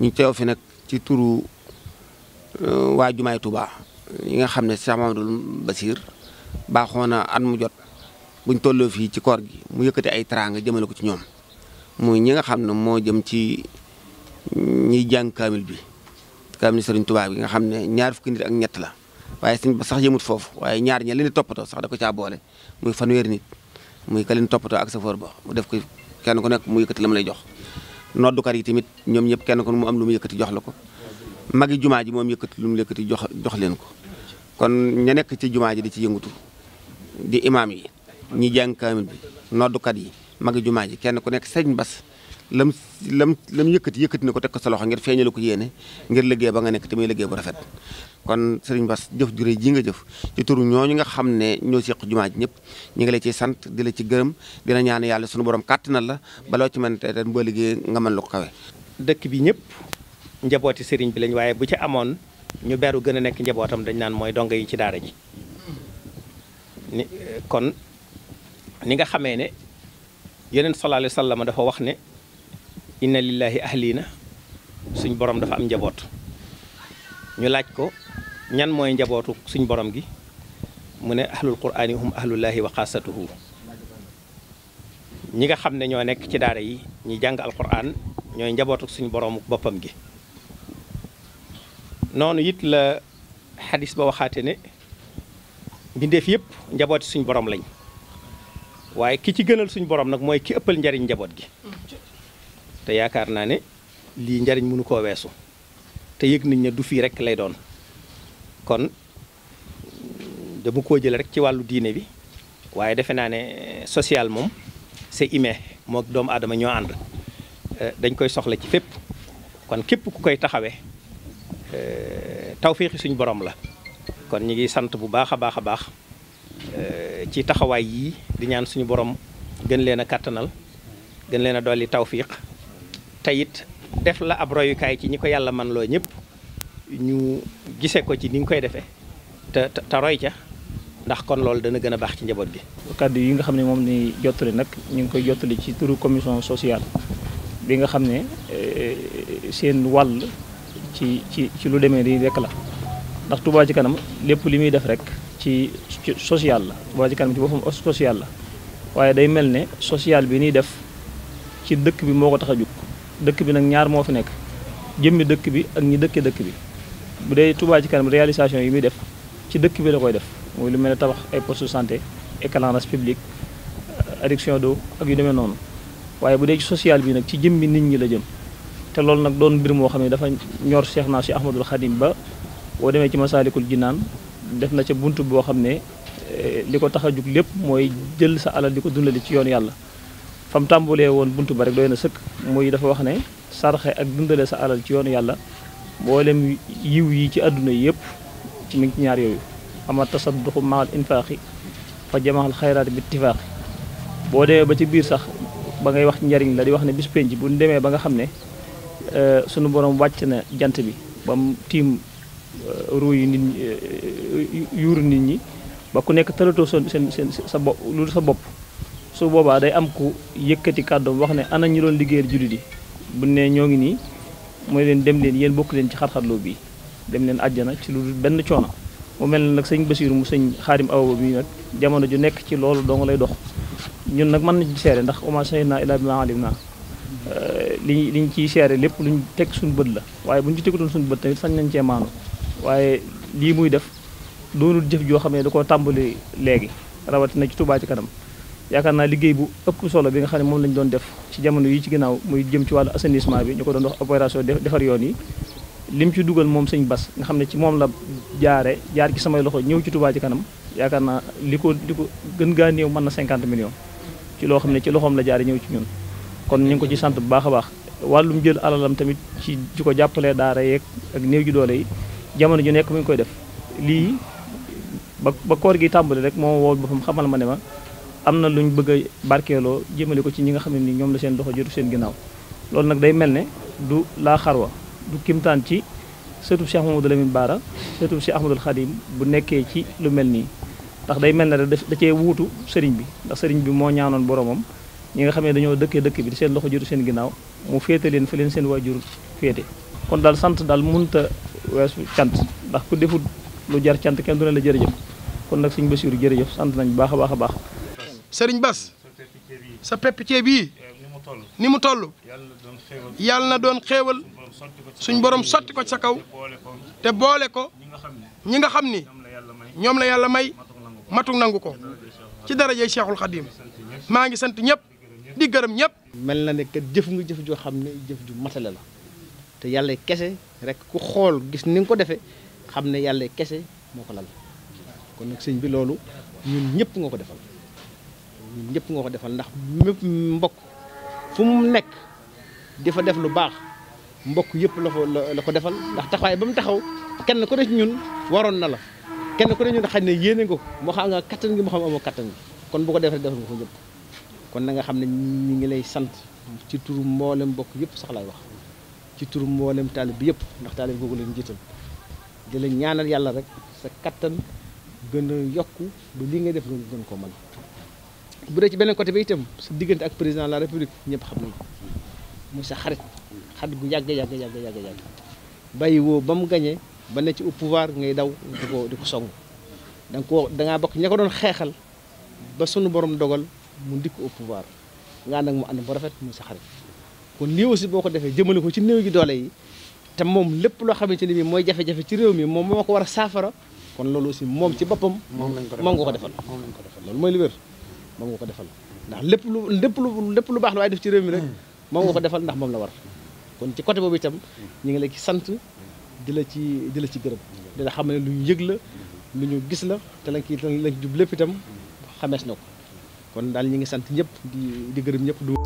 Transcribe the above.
ñu teew fi nag ci turu euh, waa Jumaay Touba yi nga xam ne Cheikh Mamadou Basir baaxoo na at mu jot buñ tolloo fii ci koor gi mu yëkkati ay teraanga jëmale ko ci ñoom muy ñi nga xam ne moo jëm ci ñiy jàng kaamil bi kaamil Serigne Touba bi nga xam ne ñaar fukki nit ak ñett la waaye sëñ ba sax yëmut foofu waaye ñaar ña leen toppatoo sax da ko caa boole muy fanweeri nit muy ka leen toppatoo ak sa safoor ba mu def ko kenn ku nekk mu yëkkati la mu lay jox. noddu noddukat yi tamit ñoom ñëpp kenn ko mu am lu mu yëkkati jox la ko magi jumaa ji moom yëkkati lu mu yëkkati jox jox leen ko kon ña nekk ci jumaa ji di ci yëngatu di imaam yi ñi jàng kaamil bi noddukat yi magi jumaa ji kenn ku nekk sëñ Bas lam lam lam yëkkati yëkkati na ko teg ko sa loxo ngir feeñale ko yéene ngir liggéey ba nga nekk te muy bu rafet kon sëriñ ba jëf juré ji nga jëf ci turu ñooñu nga xam ne ñoo seq jumaa ji ñëpp ñu ngi la ciy sant di la ci gërëm dina ñaan yàlla sunu borom kàttanal la baloo ci mën te boo liggéey nga mën lu ko kawe dëkk bi ñëpp njabooti sëriñ bi lañ waaye bu ci amoon ñu beru gën a nekk njabootam dañ naan mooy donga yi ci daara ji ni kon ni nga xam ne yeneen sallallahu alayhi wa sallam wax ne inna lillahi ahliina suñ borom dafa am njaboot ñu laaj ko ñan mooy njabootu suñ boroom gi mu ne ahlul quraani hum ahlullahi wa xaasatuhu ñi nga xam ne ñoo nekk ci daara yi ñi jàng alquran ñooy njabootu suñu boroomu boppam gi noonu it la xadis ba waxaate ne mbindeef yëpp njabooti suñu borom lañ waaye ki ci gënal suñu borom nag mooy ki ëppal njariñ njaboot gi te yaakaar naa ne lii njariñ mënu koo weesu te yëg nañ ne du fii rek lay doon kon dama koo jël rek ci wàllu diine bi waaye defe naa ne eh, social moom c'est humain moo doom aadama ñoo ànd eh, dañ koy soxla ci fépp kon képp ku koy taxawee eh, tawféexi suñu borom la kon ñu ngi sant bu baax a baax a baax ci taxawaay yii di ñaan suñu borom gën leen a kàttanal gën leen a dolli tawfiix teyit def la ab royukaay ci ñi ko yàlla man loo ñëpp ñu gise ko ci ni nga koy defee te roy ca ndax kon loolu dana gën a baax ci njaboot gi kàddu yi nga xam ne moom ni jottali nag ñu ngi koy jottali ci turu commission sociale bi nga xam ne eh, seen wàll ci ci ci lu demee di rekk la ndax Touba ci kanam lépp li muy def rek ci sociale la Touba ci kanam ci boppam social la waaye day mel ne sociale bi ñuy def ci dëkk bi moo ko tax a jóg dëkk bi nag ñaar moo fi nekk jëmmi dëkk bi ak ñi dëkkee dëkk bi bu dee tubaa ci kanam réalisation yi muy def ci dëkk bi la koy def mooy lu mel ne tabax ay post santé éclairage public adduction euh, do ak yu demee noonu waaye bu dee ci social bi nag ci jëmmi nit ñi la jëm te loolu nag doon mbir moo xam ne dafa ñor Cheikh naa si Ahmadul Khadim ba boo demee ci Masaalikul naan def na ca bunt boo xam ne euh, li ko tax a jug lépp mooy jël sa alal di ko dundali ci yoon yàlla fam tàmbulee woon buntu ba rek doy na sëkk muy dafa wax ne sarxe ak dundale sa alal ci yoonu yàlla mboolem yiw yi ci àdduna yëpp ci mi ñaar yooyu ama tasadduqu maal infaaqi fa jamaal xayraat bi tifaaqi boo demee ba ci biir sax ba ngay wax njariñ la di wax ne bis penc bu ñu demee ba nga xam ne euh, sunu borom wàcc na jant bi ba mu tiim euh, ruu yi nit ñi euh, yuuru nit ñi ba ku nekk tëlatoo seen seen sa bopp lu sa bopp su boobaa day am ku yëkkati kàddoom wax ne ana ñu doon liggéeyal jullit yi bu ne ñoo ngi nii mooy leen dem leen yéen bokk leen ci xar-xarloo bii dem leen àjjana ci lu benn coono mu mel ne nag sëñ Basiiru mu sëñ xaarim awaba bi nag jamono ju nekk ci loolu doo nga lay dox ñun nag mën nañ ci seere ndax oma naa ilaa bi ma alim naa euh, li liñ ciy seere lépp luñ teg suñu bët la waaye buñ ci tegutoon suñu bët sañ nañ cee maanu waaye lii muy def doonul jëf joo xam ne da koo tàmbali léegi rawatina ci Tuubaa ci kanam yaakaar naa liggéey bu ëpp solo bi nga xam ne moom lañu doon def ci jamono yi ci ginnaaw muy jëm ci wàllu assainissement bi ñu ko doon wax opération defar yoon yi lim ci dugal moom sañ Bas nga xam ne ci moom la jaare jaar ci samay loxo ñëw ci Touba ci kanam yaakaar naa li ko li ko gën gaa néew man na 50 millions ci loo xam ne ci loxoom la jaare ñëw ci ñun kon ñu ko ci sant bu baax a baax wàllum jël alalam tamit ci ci ko jàppalee daara yeeg ak néew ji doole yi jamono ju nekk mu koy def lii ba ba koor gi tàmbali rek moo woo boppam ma ne ma am na lu ñu bëgg a barkeeloo jëmale ko ci ñi nga xam ne ni ñoom la seen doxo jotu seen ginnaaw loolu nag day mel ne du laa xarwa du kimtaan ci sëtub Cheikh Mamadou Lamine Baara sëtub Cheikh Ahmadul Khadim bu nekkee ci lu mel nii ndax day mel ne rek da cee wuutu sëriñ bi ndax sëriñ bi moo ñaanoon boromam ñi nga xam ne dañoo dëkkee dëkk bi seen loxo jotu seen ginnaaw mu féete leen fi leen seen waajur féete kon daal sant daal munta weesu cant ndax ku defut lu jar cant kenn du ne la jërëjëf kon nag suñu Basiru jërëjëf sant nañ baax a baax a baax sëriñ Bas sa pepp ceeb yi ni mu toll yàlla na doon xéewal suñ borom sotti ko ci sa kaw te boole ko ñi nga xam ni ñoom la yàlla may matuk nangu ko ci darajay Cheikhul Khadim maa ngi sant ñëpp di gërëm ñëpp. mel na ne kat jëf nga jëf joo xam ne jëf ju matale la te yàlla kese rek ku xool gis ni nga ko defee xam ne yàlla kese moo ko lal kon nag sëñ bi loolu ñun ñëpp nga ko defal. ñun ñëpp nga ko defal ndax mépp mbokk fu mu nekk di fa def lu baax mbokk yëpp la ko ko defal ndax taxawaay ba mu taxaw kenn ku ne ñun waroon na la kenn ku ne ñun xaj ne yéene nga ko moo xam nga kattan gi moo xam amoo kon bu ko defee defal nga ko ñëpp kon nanga xam ne ñu ngi lay sant ci turu mboolem mbokk yëpp sax laay wax ci turu mboolem taalib bi yëpp ndax taalib googu leen jiital di la ñaanal yàlla rek sa kattan gën a yokku ba li nga def nga gën koo mën bu dee ci beneen côté bi itam sa diggante ak président de la république ñëpp xam nañu mu sa xarit xarit gu yàgg yàgg yàgg yàgg yàgg bàyyi woo ba mu gañee ba ne ci au pouvoir ngay daw di ko di ko song danga nga ko da bokk ña ko doon xeexal ba sunu borom dogal mu dikk au pouvoir nga nag mu ànd bu rafet muy sa xarit kon lii aussi boo ko defee jëmale ko ci néew gi doole yi te moom lépp loo xamante ni bii mooy jafe-jafe ci réew mi moom moo war a saafara kon loolu aussi moom ci boppam. moom lañ ko defal ko defal loolu mooy li moom nga ko defal ndax lépp lu lépp lu lépp lu baax la waaye def ci réew mi rek moom nga ko defal ndax moom la war kon ci côté boobu itam ñu ngi la ci sant di la ci di la ci gërëm di la xam ne lu ñu yëg la lu ñu gis la te lañ ki lañ jub lépp itam xamees na ko kon daal ñu ngi sant ñëpp di di gërëm ñëpp du